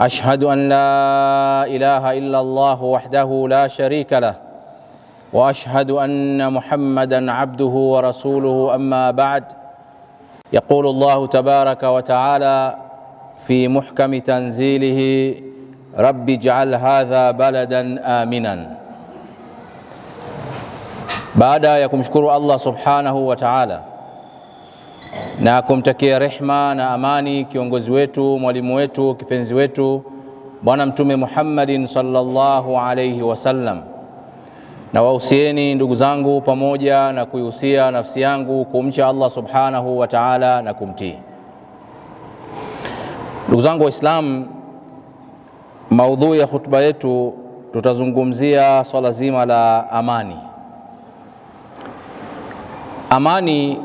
أشهد أن لا إله إلا الله وحده لا شريك له وأشهد أن محمدا عبده ورسوله أما بعد يقول الله تبارك وتعالى في محكم تنزيله رب اجعل هذا بلدا آمنا بعد يكم آية، شكر الله سبحانه وتعالى na kumtakia rehma na amani kiongozi wetu, mwalimu wetu, kipenzi wetu Bwana Mtume Muhammadin sallallahu alayhi wasallam. Na wahusieni ndugu zangu, pamoja na kuihusia nafsi yangu kumcha Allah subhanahu wa ta'ala na kumtii. Ndugu zangu Waislamu, maudhui ya hutuba yetu tutazungumzia swala zima la amani. Amani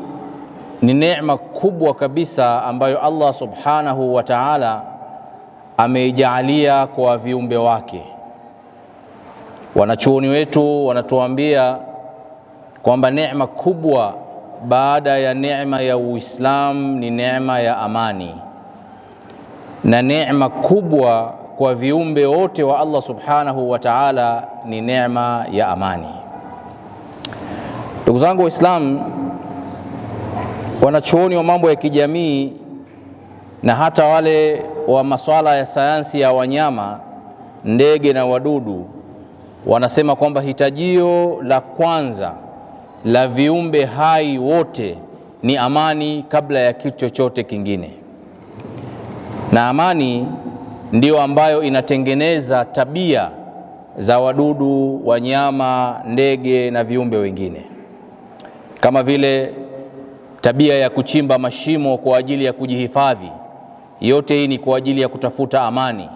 ni neema kubwa kabisa ambayo Allah subhanahu wa ta'ala ameijalia kwa viumbe wake. Wanachuoni wetu wanatuambia kwamba neema kubwa baada ya neema ya Uislamu ni neema ya amani, na neema kubwa kwa viumbe wote wa Allah subhanahu wa ta'ala ni neema ya amani. Ndugu zangu Waislamu, Wanachuoni wa mambo ya kijamii na hata wale wa masuala ya sayansi ya wanyama, ndege na wadudu wanasema kwamba hitajio la kwanza la viumbe hai wote ni amani kabla ya kitu chochote kingine, na amani ndiyo ambayo inatengeneza tabia za wadudu, wanyama, ndege na viumbe wengine kama vile tabia ya kuchimba mashimo kwa ajili ya kujihifadhi, yote hii ni kwa ajili ya kutafuta amani.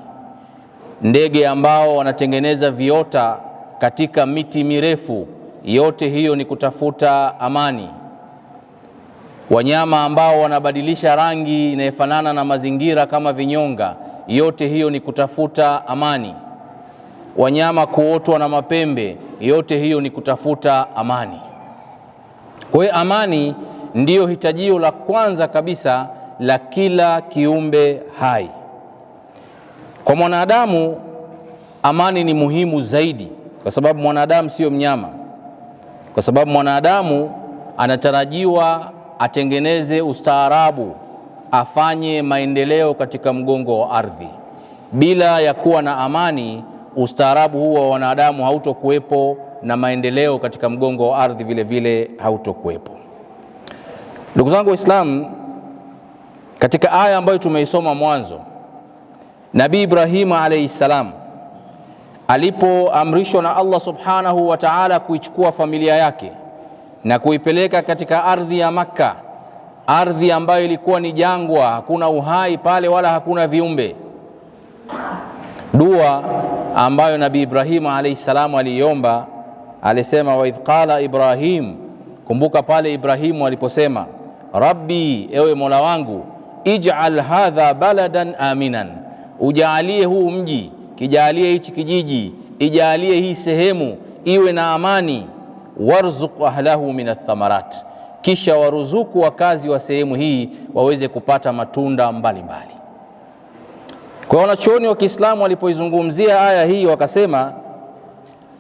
Ndege ambao wanatengeneza viota katika miti mirefu, yote hiyo ni kutafuta amani. Wanyama ambao wanabadilisha rangi inayofanana na mazingira kama vinyonga, yote hiyo ni kutafuta amani. Wanyama kuotwa na mapembe, yote hiyo ni kutafuta amani. Kwa hiyo amani ndiyo hitajio la kwanza kabisa la kila kiumbe hai. Kwa mwanadamu amani ni muhimu zaidi, kwa sababu mwanadamu sio mnyama, kwa sababu mwanadamu anatarajiwa atengeneze ustaarabu, afanye maendeleo katika mgongo wa ardhi. Bila ya kuwa na amani, ustaarabu huo wa wanadamu hautokuwepo na maendeleo katika mgongo wa ardhi vile vile hautokuwepo. Ndugu zangu Waislamu, katika aya ambayo tumeisoma mwanzo, Nabii Ibrahimu alayhi salam alipoamrishwa na Allah subhanahu wa ta'ala kuichukua familia yake na kuipeleka katika ardhi ya Makka, ardhi ambayo ilikuwa ni jangwa, hakuna uhai pale wala hakuna viumbe. Dua ambayo Nabii Ibrahimu alayhi salam aliiomba, alisema waidh qala Ibrahim, kumbuka pale Ibrahimu aliposema Rabbi, ewe Mola wangu, ij'al hadha baladan aminan, ujaalie huu mji, kijaalie hichi kijiji, ijaalie hii sehemu iwe na amani. Warzuq ahlahu min athamarat, kisha waruzuku wakazi wa sehemu hii waweze kupata matunda mbalimbali. Kwa wanachuoni wa Kiislamu walipoizungumzia aya hii wakasema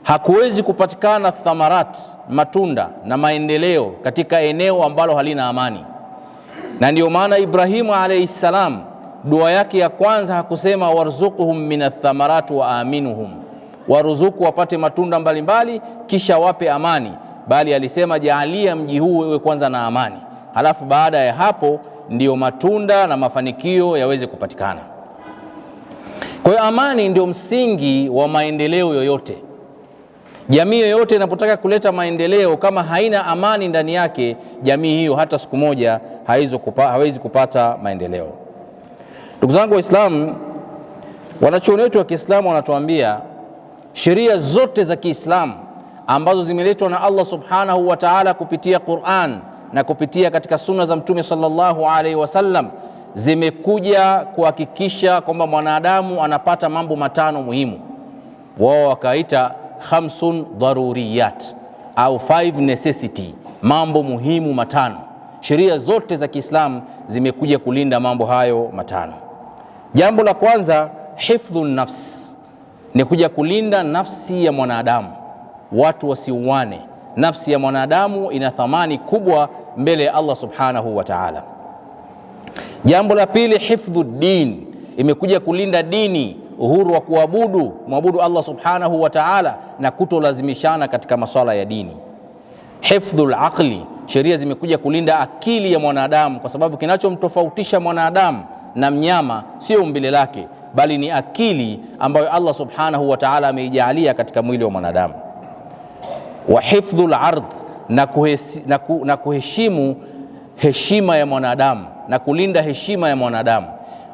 Hakuwezi kupatikana thamarat, matunda na maendeleo katika eneo ambalo halina amani. Na ndiyo maana Ibrahimu alayhi salam dua yake ya kwanza hakusema warzuquhum min athamarat wa aminuhum, waruzuku wapate matunda mbalimbali mbali, kisha wape amani, bali alisema jaalia mji huu wewe kwanza na amani, halafu baada ya hapo ndiyo matunda na mafanikio yaweze kupatikana. Kwa hiyo amani ndio msingi wa maendeleo yoyote. Jamii yoyote inapotaka kuleta maendeleo kama haina amani ndani yake, jamii hiyo hata siku moja kupa, hawezi kupata maendeleo. Ndugu zangu Waislamu, wanachuoni wetu wa Kiislamu wanatuambia sheria zote za Kiislamu ambazo zimeletwa na Allah subhanahu wa ta'ala kupitia Qur'an na kupitia katika sunna za Mtume sallallahu alaihi wasallam zimekuja kuhakikisha kwamba mwanadamu anapata mambo matano muhimu, wao wakaita khamsun dharuriyat au five necessity, mambo muhimu matano. Sheria zote za Kiislamu zimekuja kulinda mambo hayo matano. Jambo la kwanza, hifdhu nafs, ni kuja kulinda nafsi ya mwanadamu, watu wasiuane. Nafsi ya mwanadamu ina thamani kubwa mbele ya Allah subhanahu wa ta'ala. Jambo la pili, hifdhu din, imekuja kulinda dini, uhuru wa kuabudu mwabudu Allah subhanahu wa ta'ala, na kutolazimishana katika masuala ya dini. Hifdhul aqli, sheria zimekuja kulinda akili ya mwanadamu, kwa sababu kinachomtofautisha mwanadamu na mnyama sio umbile lake, bali ni akili ambayo Allah subhanahu wa ta'ala ameijalia katika mwili wa mwanadamu. Wa hifdhul ard, na, na, ku, na kuheshimu heshima ya mwanadamu na kulinda heshima ya mwanadamu.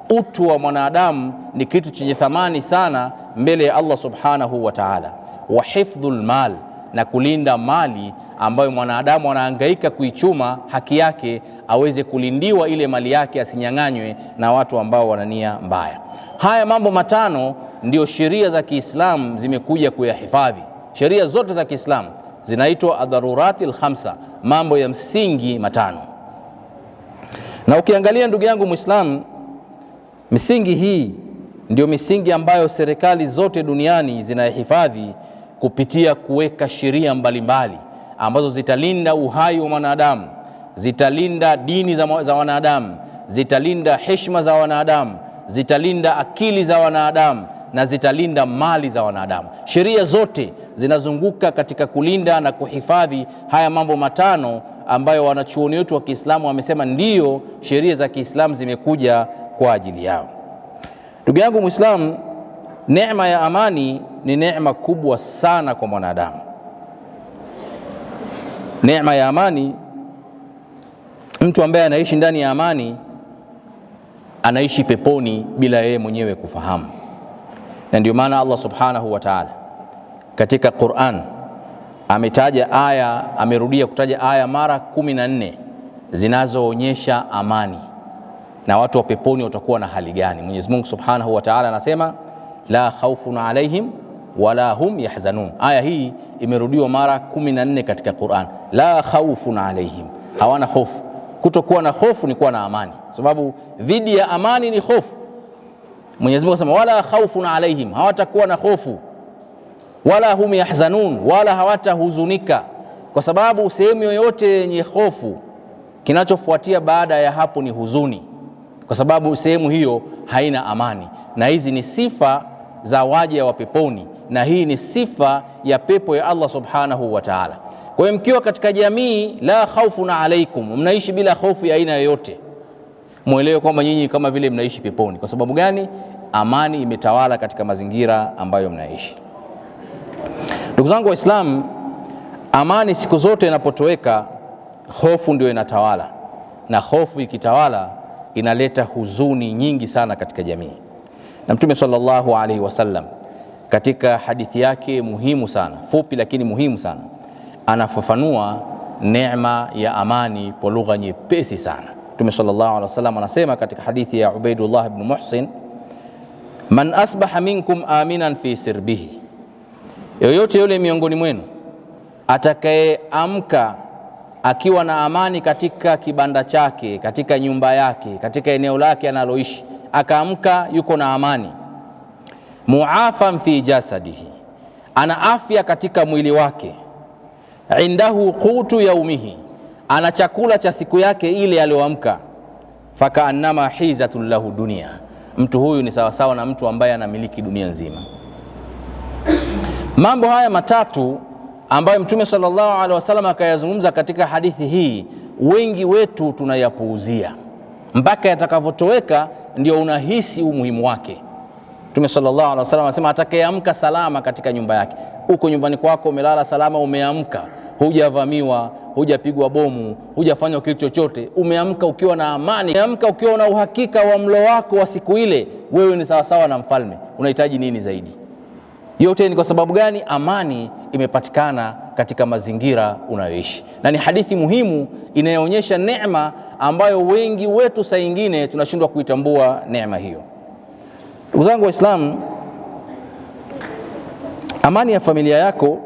Utu wa mwanadamu ni kitu chenye thamani sana mbele ya Allah subhanahu wa ta'ala wa hifdhul mal, na kulinda mali ambayo mwanadamu anahangaika kuichuma haki yake, aweze kulindiwa ile mali yake, asinyang'anywe na watu ambao wanania mbaya. Haya mambo matano ndio sheria za Kiislamu zimekuja kuyahifadhi. Sheria zote za Kiislamu zinaitwa adharurati khamsa, mambo ya msingi matano. Na ukiangalia ndugu yangu Muislamu, misingi hii ndio misingi ambayo serikali zote duniani zinahifadhi kupitia kuweka sheria mbalimbali ambazo zitalinda uhai wa mwanadamu, zitalinda dini za, za wanadamu, zitalinda heshima za wanadamu, zitalinda akili za wanadamu na zitalinda mali za wanadamu. Sheria zote zinazunguka katika kulinda na kuhifadhi haya mambo matano ambayo wanachuoni wetu wa Kiislamu wamesema ndiyo sheria za Kiislamu zimekuja kwa ajili yao. Ndugu yangu Muislamu, Neema ya amani ni neema kubwa sana kwa mwanadamu. Neema ya amani, mtu ambaye anaishi ndani ya amani anaishi peponi bila yeye mwenyewe kufahamu, na ndio maana Allah subhanahu wa taala katika Quran ametaja aya, amerudia kutaja aya mara kumi na nne zinazoonyesha amani na watu wa peponi watakuwa na hali gani. Mwenyezi Mungu subhanahu wa taala anasema la khaufun alaihim wala hum yahzanun. Aya hii imerudiwa mara kumi na nne katika Qur'an. La khaufun alaihim, hawana hofu. Kutokuwa na hofu ni kuwa na amani, sababu dhidi ya amani ni hofu. Mwenyezi Mungu asema wala khaufun alaihim, hawatakuwa na hofu, wala hum yahzanun, wala hawatahuzunika, kwa sababu sehemu yoyote yenye hofu, kinachofuatia baada ya hapo ni huzuni, kwa sababu sehemu hiyo haina amani, na hizi ni sifa za waja wa peponi, na hii ni sifa ya pepo ya Allah subhanahu wa ta'ala. Kwa hiyo mkiwa katika jamii, la khaufun alaikum, mnaishi bila hofu ya aina yoyote, mwelewe kwamba nyinyi kama vile mnaishi peponi. Kwa sababu gani? Amani imetawala katika mazingira ambayo mnaishi. Ndugu zangu Waislamu, amani siku zote inapotoweka, hofu ndio inatawala, na hofu ikitawala inaleta huzuni nyingi sana katika jamii. Na Mtume sallallahu alaihi wasallam katika hadithi yake muhimu sana, fupi lakini muhimu sana, anafafanua neema ya amani kwa lugha nyepesi sana. Mtume sallallahu alaihi wasallam anasema katika hadithi ya Ubaidullah ibn Muhsin, man asbaha minkum aminan fi sirbihi, yoyote yule miongoni mwenu atakayeamka akiwa na amani katika kibanda chake, katika nyumba yake, katika eneo lake analoishi akaamka yuko na amani, muafan fi jasadihi, ana afya katika mwili wake, indahu qutu yaumihi, ana chakula cha siku yake ile aliyoamka. Fakaannama hizatun lahu dunia, mtu huyu ni sawasawa na mtu ambaye anamiliki dunia nzima. Mambo haya matatu ambayo Mtume sallallahu alaihi wasallam akayazungumza katika hadithi hii, wengi wetu tunayapuuzia mpaka yatakavyotoweka, ndio unahisi umuhimu wake. Mtume sallallahu alaihi wasallam anasema atakayeamka salama katika nyumba yake. Uko nyumbani kwako umelala salama, umeamka hujavamiwa, hujapigwa bomu, hujafanywa kitu chochote, umeamka ukiwa na amani, umeamka ukiwa na uhakika wa mlo wako wa siku ile, wewe ni sawasawa na mfalme. Unahitaji nini zaidi? Yote ni kwa sababu gani? Amani imepatikana katika mazingira unayoishi, na ni hadithi muhimu inayoonyesha neema ambayo wengi wetu saa nyingine tunashindwa kuitambua neema hiyo. Ndugu zangu Waislamu, amani ya familia yako,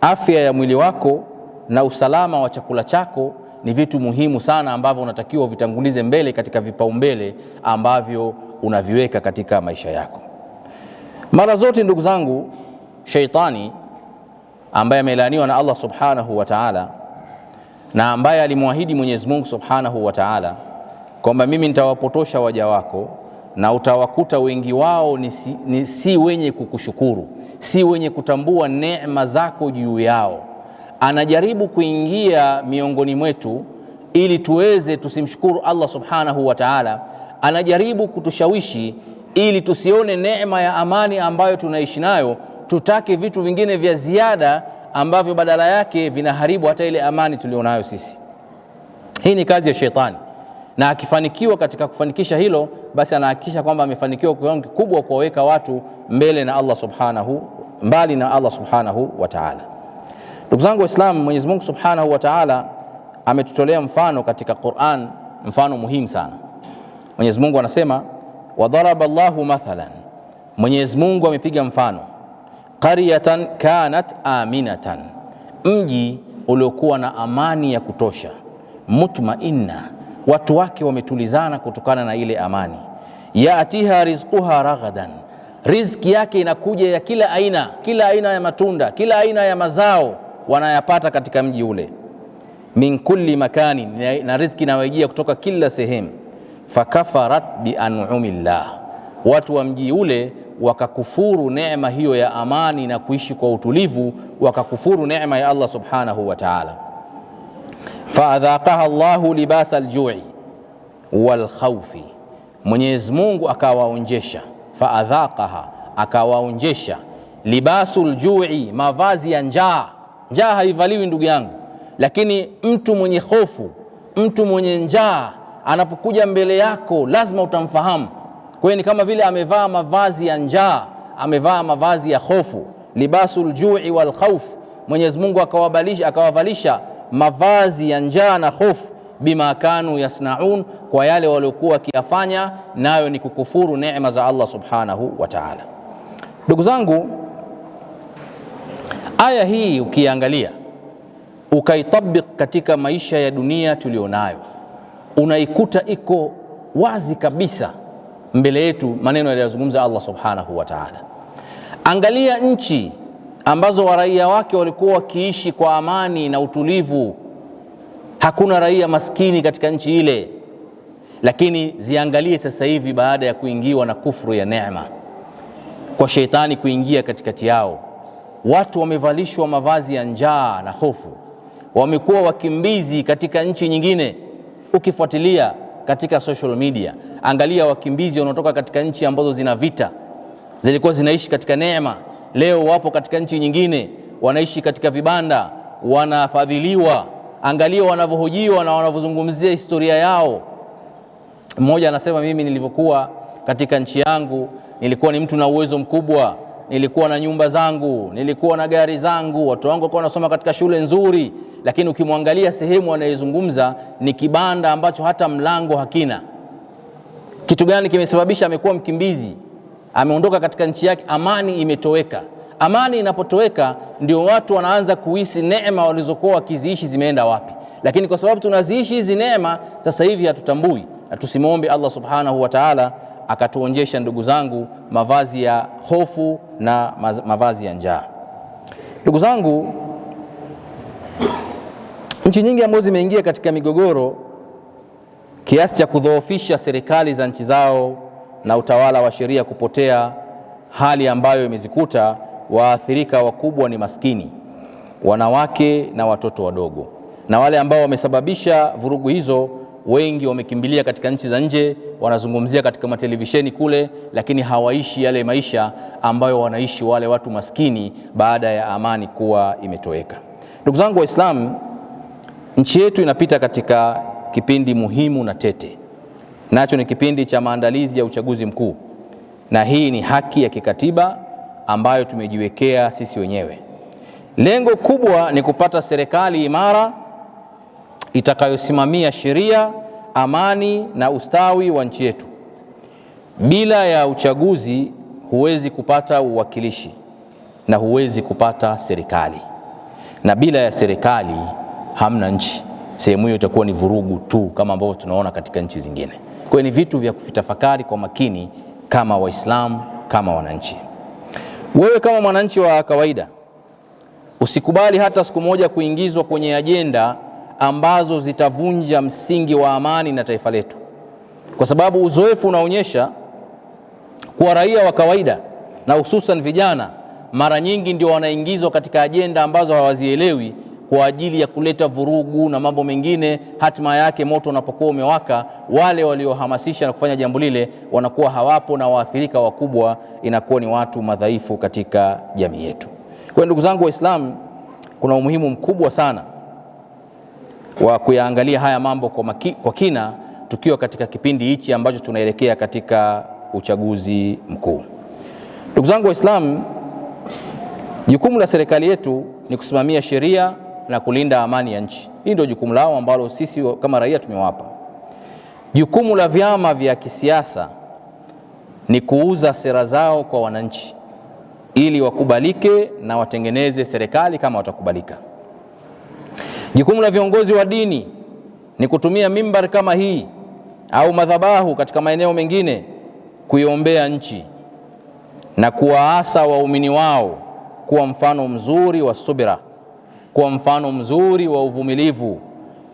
afya ya mwili wako na usalama wa chakula chako ni vitu muhimu sana ambavyo unatakiwa uvitangulize mbele katika vipaumbele ambavyo unaviweka katika maisha yako. Mara zote ndugu zangu, sheitani ambaye amelaaniwa na Allah subhanahu wa ta'ala, na ambaye alimwahidi Mwenyezi Mungu subhanahu wa ta'ala kwamba mimi nitawapotosha waja wako na utawakuta wengi wao ni si, ni si wenye kukushukuru, si wenye kutambua neema zako juu yao. Anajaribu kuingia miongoni mwetu ili tuweze tusimshukuru Allah subhanahu wa ta'ala, anajaribu kutushawishi ili tusione neema ya amani ambayo tunaishi nayo, tutake vitu vingine vya ziada ambavyo badala yake vinaharibu hata ile amani tulionayo sisi. Hii ni kazi ya shetani, na akifanikiwa katika kufanikisha hilo, basi anahakikisha kwamba amefanikiwa kwa kiwango kikubwa kuwaweka watu mbele na Allah subhanahu, mbali na Allah subhanahu wa taala. Ndugu zangu Waislamu, Mwenyezi Mungu subhanahu wa taala ametutolea mfano katika Qur'an, mfano muhimu sana. Mwenyezi Mungu anasema wa daraba mathalan, Mwenyezi Mungu amepiga mfano qaryatan kanat aminatan, mji uliokuwa na amani ya kutosha, mutmainna, watu wake wametulizana kutokana na ile amani. yatiha rizquha raghadan, riziki yake inakuja ya kila aina, kila aina ya matunda, kila aina ya mazao wanayapata katika mji ule. Min kulli makani, na riziki inawajia kutoka kila sehemu fakafarat bianumillah, watu wa mji ule wakakufuru neema hiyo ya amani na kuishi kwa utulivu, wakakufuru neema ya Allah subhanahu wa ta'ala. Faadhaqaha Allahu libasa aljui walkhaufi, Mwenyezi Mungu akawaonjesha. Faadhaqaha, akawaonjesha libasu ljui, mavazi ya njaa. Njaa haivaliwi ndugu yangu, lakini mtu mwenye hofu, mtu mwenye njaa anapokuja mbele yako lazima utamfahamu. Kwa hiyo ni kama vile amevaa mavazi ya njaa, amevaa mavazi ya hofu, libasul jui wal khauf. Mwenyezi Mungu akawavalisha mavazi ya njaa na hofu, bima kanu yasnaun, kwa yale waliokuwa wakiyafanya, nayo ni kukufuru neema za Allah subhanahu wa ta'ala. Ndugu zangu, aya hii ukiangalia ukaitabik katika maisha ya dunia tulionayo unaikuta iko wazi kabisa mbele yetu, maneno yaliyozungumza Allah subhanahu wa ta'ala. Angalia nchi ambazo waraia wake walikuwa wakiishi kwa amani na utulivu, hakuna raia maskini katika nchi ile, lakini ziangalie sasa hivi baada ya kuingiwa na kufru ya neema, kwa sheitani kuingia katikati yao, watu wamevalishwa mavazi ya njaa na hofu, wamekuwa wakimbizi katika nchi nyingine Ukifuatilia katika social media, angalia wakimbizi wanaotoka katika nchi ambazo zina vita, zilikuwa zinaishi katika neema, leo wapo katika nchi nyingine, wanaishi katika vibanda, wanafadhiliwa. Angalia wanavyohojiwa na wanavyozungumzia historia yao. Mmoja anasema mimi nilivyokuwa katika nchi yangu nilikuwa ni mtu na uwezo mkubwa nilikuwa na nyumba zangu, nilikuwa na gari zangu, watu wangu walikuwa wanasoma katika shule nzuri. Lakini ukimwangalia sehemu anayezungumza ni kibanda ambacho hata mlango hakina. Kitu gani kimesababisha amekuwa mkimbizi? Ameondoka katika nchi yake, amani imetoweka. Amani inapotoweka, ndio watu wanaanza kuhisi neema walizokuwa wakiziishi zimeenda wapi. Lakini kwa sababu tunaziishi hizi neema sasa hivi hatutambui, na tusimwombe Allah subhanahu wa ta'ala akatuonjesha ndugu zangu, mavazi ya hofu na mavazi ya njaa. Ndugu zangu, nchi nyingi ambazo zimeingia katika migogoro kiasi cha kudhoofisha serikali za nchi zao na utawala wa sheria kupotea, hali ambayo imezikuta waathirika wakubwa ni maskini, wanawake na watoto wadogo, na wale ambao wamesababisha vurugu hizo wengi wamekimbilia katika nchi za nje, wanazungumzia katika matelevisheni kule, lakini hawaishi yale maisha ambayo wanaishi wale watu maskini baada ya amani kuwa imetoweka. Ndugu zangu Waislamu, nchi yetu inapita katika kipindi muhimu na tete, nacho ni kipindi cha maandalizi ya uchaguzi mkuu, na hii ni haki ya kikatiba ambayo tumejiwekea sisi wenyewe. Lengo kubwa ni kupata serikali imara itakayosimamia sheria, amani na ustawi wa nchi yetu. Bila ya uchaguzi huwezi kupata uwakilishi na huwezi kupata serikali, na bila ya serikali hamna nchi. Sehemu hiyo itakuwa ni vurugu tu, kama ambavyo tunaona katika nchi zingine. Kwa hiyo ni vitu vya kuvitafakari kwa makini, kama Waislamu, kama wananchi. Wewe kama mwananchi wa kawaida usikubali hata siku moja kuingizwa kwenye ajenda ambazo zitavunja msingi wa amani na taifa letu, kwa sababu uzoefu unaonyesha kuwa raia wa kawaida na hususan vijana mara nyingi ndio wanaingizwa katika ajenda ambazo hawazielewi kwa ajili ya kuleta vurugu na mambo mengine. Hatima yake moto unapokuwa umewaka, wale waliohamasisha na kufanya jambo lile wanakuwa hawapo, na waathirika wakubwa inakuwa ni watu madhaifu katika jamii yetu. Kwa ndugu zangu Waislamu, kuna umuhimu mkubwa sana wa kuyaangalia haya mambo kwa, maki, kwa kina tukiwa katika kipindi hichi ambacho tunaelekea katika uchaguzi mkuu. Ndugu zangu Waislamu, jukumu la serikali yetu ni kusimamia sheria na kulinda amani ya nchi. Hii ndio jukumu lao ambalo sisi kama raia tumewapa. Jukumu la vyama vya kisiasa ni kuuza sera zao kwa wananchi ili wakubalike na watengeneze serikali kama watakubalika. Jukumu la viongozi wa dini ni kutumia mimbar kama hii au madhabahu katika maeneo mengine kuiombea nchi na kuwaasa waumini wao kuwa mfano mzuri wa subira, kuwa mfano mzuri wa uvumilivu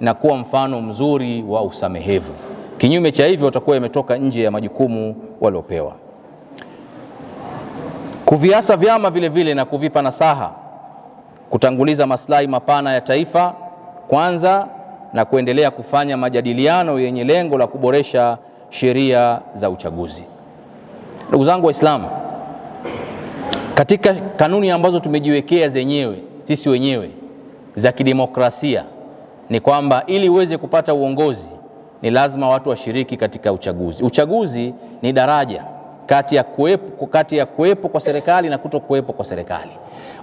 na kuwa mfano mzuri wa usamehevu. Kinyume cha hivyo, watakuwa imetoka nje ya majukumu waliopewa. Kuviasa vyama vile vile na kuvipa nasaha, kutanguliza maslahi mapana ya taifa kwanza na kuendelea kufanya majadiliano yenye lengo la kuboresha sheria za uchaguzi. Ndugu zangu Waislamu, katika kanuni ambazo tumejiwekea zenyewe sisi wenyewe za kidemokrasia ni kwamba ili uweze kupata uongozi ni lazima watu washiriki katika uchaguzi. Uchaguzi ni daraja kati ya kuwepo, kati ya kuwepo kwa serikali na kuto kuwepo kwa serikali.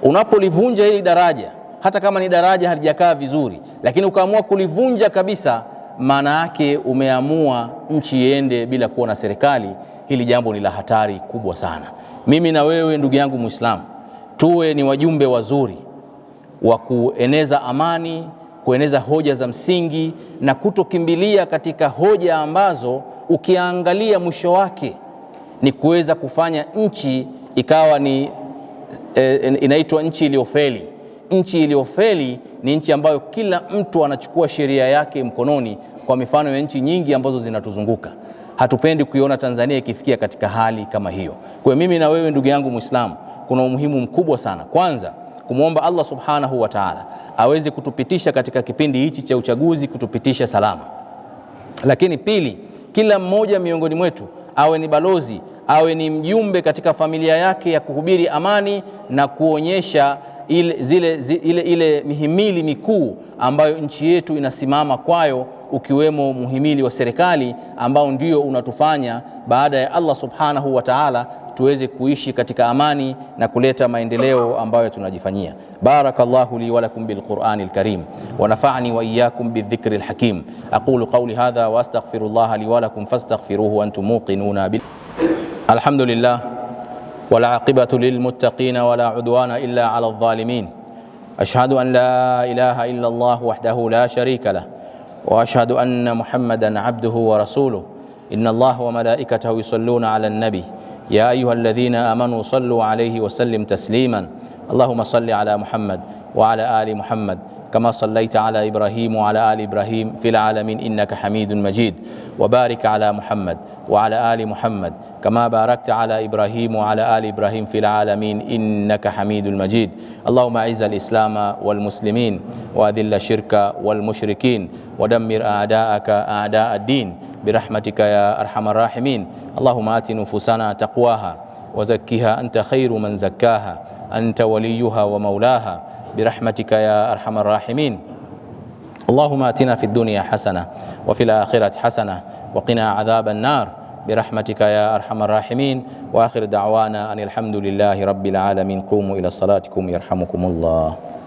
Unapolivunja hili daraja hata kama ni daraja halijakaa vizuri, lakini ukaamua kulivunja kabisa, maana yake umeamua nchi iende bila kuwa na serikali. Hili jambo ni la hatari kubwa sana. Mimi na wewe ndugu yangu Muislamu, tuwe ni wajumbe wazuri wa kueneza amani, kueneza hoja za msingi na kutokimbilia katika hoja ambazo ukiangalia mwisho wake ni kuweza kufanya nchi ikawa ni e, inaitwa nchi iliyofeli. Nchi iliyofeli ni nchi ambayo kila mtu anachukua sheria yake mkononi, kwa mifano ya nchi nyingi ambazo zinatuzunguka. Hatupendi kuiona Tanzania ikifikia katika hali kama hiyo. Kwa mimi na wewe ndugu yangu Muislamu, kuna umuhimu mkubwa sana, kwanza kumwomba Allah subhanahu wa taala aweze kutupitisha katika kipindi hichi cha uchaguzi, kutupitisha salama. Lakini pili, kila mmoja miongoni mwetu awe ni balozi, awe ni mjumbe katika familia yake ya kuhubiri amani na kuonyesha ile, zile, zile, ile, ile mihimili mikuu ambayo nchi yetu inasimama kwayo ukiwemo muhimili wa serikali ambao ndio unatufanya baada ya Allah subhanahu wa ta'ala tuweze kuishi katika amani na kuleta maendeleo ambayo tunajifanyia. Barakallahu li wa lakum bil Qur'anil Karim wa nafa'ani wa iyyakum bidhikril hakim aqulu qawli hadha wa astaghfirullaha li wa lakum fastaghfiruhu wa antum muqinuna bil Alhamdulillah والعاقبة للمتقين ولا عدوان إلا على الظالمين أشهد أن لا إله إلا الله وحده لا شريك له وأشهد أن محمدا عبده ورسوله إن الله وملائكته يصلون على النبي يا أيها الذين آمنوا صلوا عليه وسلم تسليما اللهم صل على محمد وعلى آل محمد كما صليت على ابراهيم وعلى ال ابراهيم في العالمين انك حميد مجيد وبارك على محمد وعلى ال محمد كما باركت على ابراهيم وعلى ال ابراهيم في العالمين انك حميد مجيد اللهم اعز الاسلام والمسلمين واذل الشرك والمشركين ودمر اعداءك اعداء الدين برحمتك يا ارحم الراحمين اللهم ات نفوسنا تقواها وزكها انت خير من زكاها انت وليها ومولاها برحمتك يا أرحم الراحمين اللهم آتنا في الدنيا حسنة وفي الآخرة حسنة وقنا عذاب النار برحمتك يا أرحم الراحمين وآخر دعوانا أن الحمد لله رب العالمين قوموا إلى صلاتكم يرحمكم الله